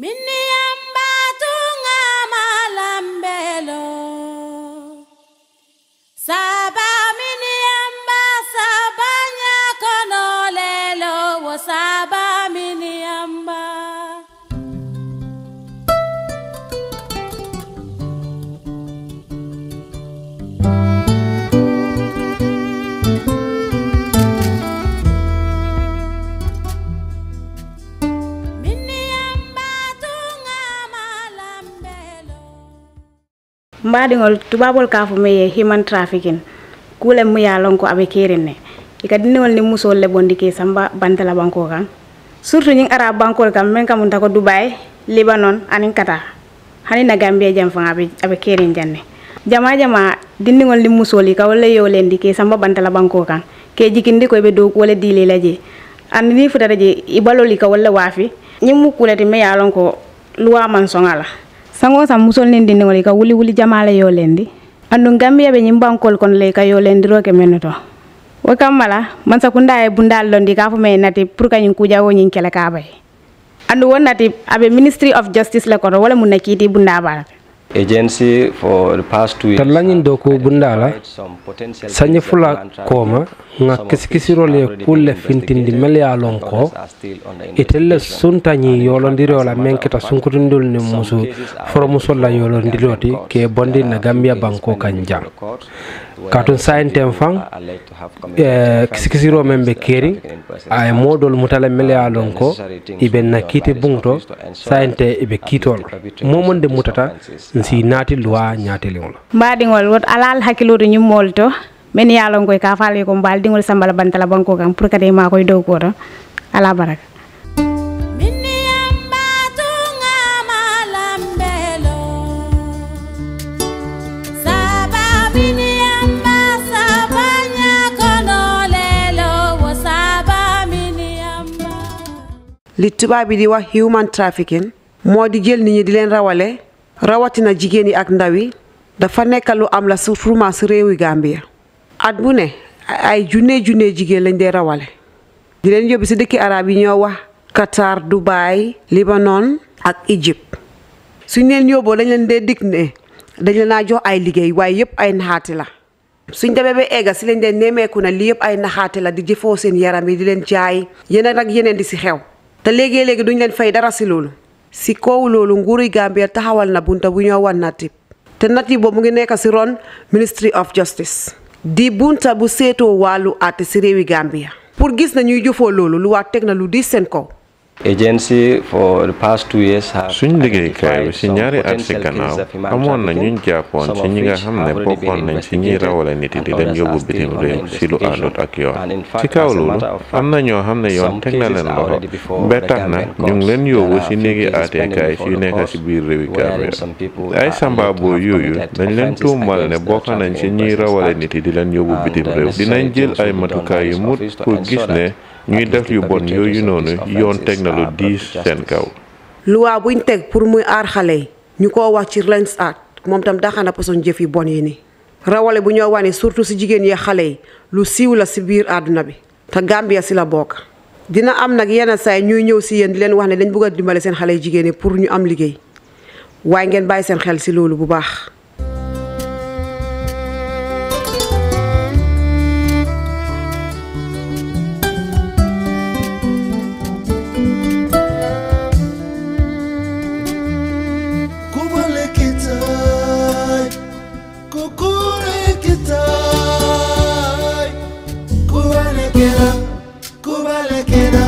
مني mbaɗigol tubabol kafumeye human trafficking kule muya lonko aɓe kerenne ika dindigol ni musol le bondi ke samba bantala banko kan surtout ñing ara bankol kam min kam tako dubai libanon anin kata hani na gambia jam fanga aɓe aɓe kerin janne jama jama dindigol ni musol ika walla yolendi ke samba bantala banko kan ke jikindi koyɓe dow walla dilila je andi ni futata je i balol ika walla waafi ñing mu kuleti me ya lonko luwa man soŋa la sango sam musol nin dindiŋol i ka wuli wuli jamala yo lendi andun gambiya be ñiŋ bankol kono le i ka yo lendiro ke mennu to wo kamma la mansakunda ye bundaal londi ka fo ma ye nati pour ka ñiŋ kujawo ñiŋ kele ka bayi andu wo nati abe ministry of justice le koto wo le mun na kiiti bunda bala agency for the past two sañi fula koma nga kisikisirole kulle fintindi melyalon ko itelle suntañi yolondirola men kita ni musu foro musolla yolondiroti ke bondi na gambia banko kan katun sainten fan e eh, sikisiro men ɓe keeri ay moɗol mutala meleyalon ko iɓe nakkite bunto sainte eɓe kiitol momonde mutata si naati loi ñaateliŋol mbaɗiŋol wot alal hakkiloto ñummol to men yalon koy ka faale ko mbaal diŋol sambala bantala banko kam pour kadi ma koye dow koto ala baraka li tubaab yi di wax human trafficking moo di jël nit ñi di leen rawale rawatina jigéen yi ak ndaw yi dafa nekkalu am la surtout si réewi Gambia at bu ne ay junne junne jigéen lañ dee rawale di leen yóbbu si dikki araab yi ñoo wax Qatar Dubai Libanon ak Egypte suñ leen yóbboo dañ leen dee dig ne dañ leen naa jox ay liggéey waaye yëpp ay naxaati la suñ demee ba egga si lañ dee nemeeku na li yëpp ay naxaate la di jëfoo seen yaram yi di leen jaay yeneen ak yeneen di si xew te léegi-léegi duñ leen fay dara si loolu si kaw loolu nguuri Gambia taxawal na bunta bu ñoo wan natib te natib boobu mu ngi nekk si ron Ministry of Justice di bunta bu seetoo wàllu àtte si réewi Gambia pour gis na ñuy jëfoo loolu lu waa teg na lu di seen kaw suñ liggéeykaay bi ci ñaari at ci gannaaw amoon na ñuñ jàppoon ci ñi nga xam ne bokkoon nañ ci ñiy rawale nit yi di leen yóbbu bitim réew ci lu àndut ak yoon ci kaw loolu am na ñoo xam ne yoon teg na leen loxo ba tax na ñu ngi leen yóbbu ci néegi aatekaay ci nekk ci biir réewi Gambia ay sambaaboo yooyu dañ leen tuumal ne bokk nañ ci ñiy rawale nit yi di leen yóbbu bitim réew dinañ jël ay matukaay yu mut pour gis ne ñuy def yu bon yooyu noonu yoon teg na lu diis seen kaw. luwaa buñ teg pour muy aar xale yi ñu ko wax ci Lands Act moom tam daxana poson jëf yi bon yi ni rawale bu ñoo wane surtout si jigéen yee xale yi lu siiw la si biir àdduna bi te Gambia si la bokk. dina am nag yeneen saay ñuy ñëw si yéen di leen wax ne dañ bëgg a dimbale seen xale yi jigéen yi pour ñu am liggéey waaye ngeen bàyyi seen xel si loolu bu baax. que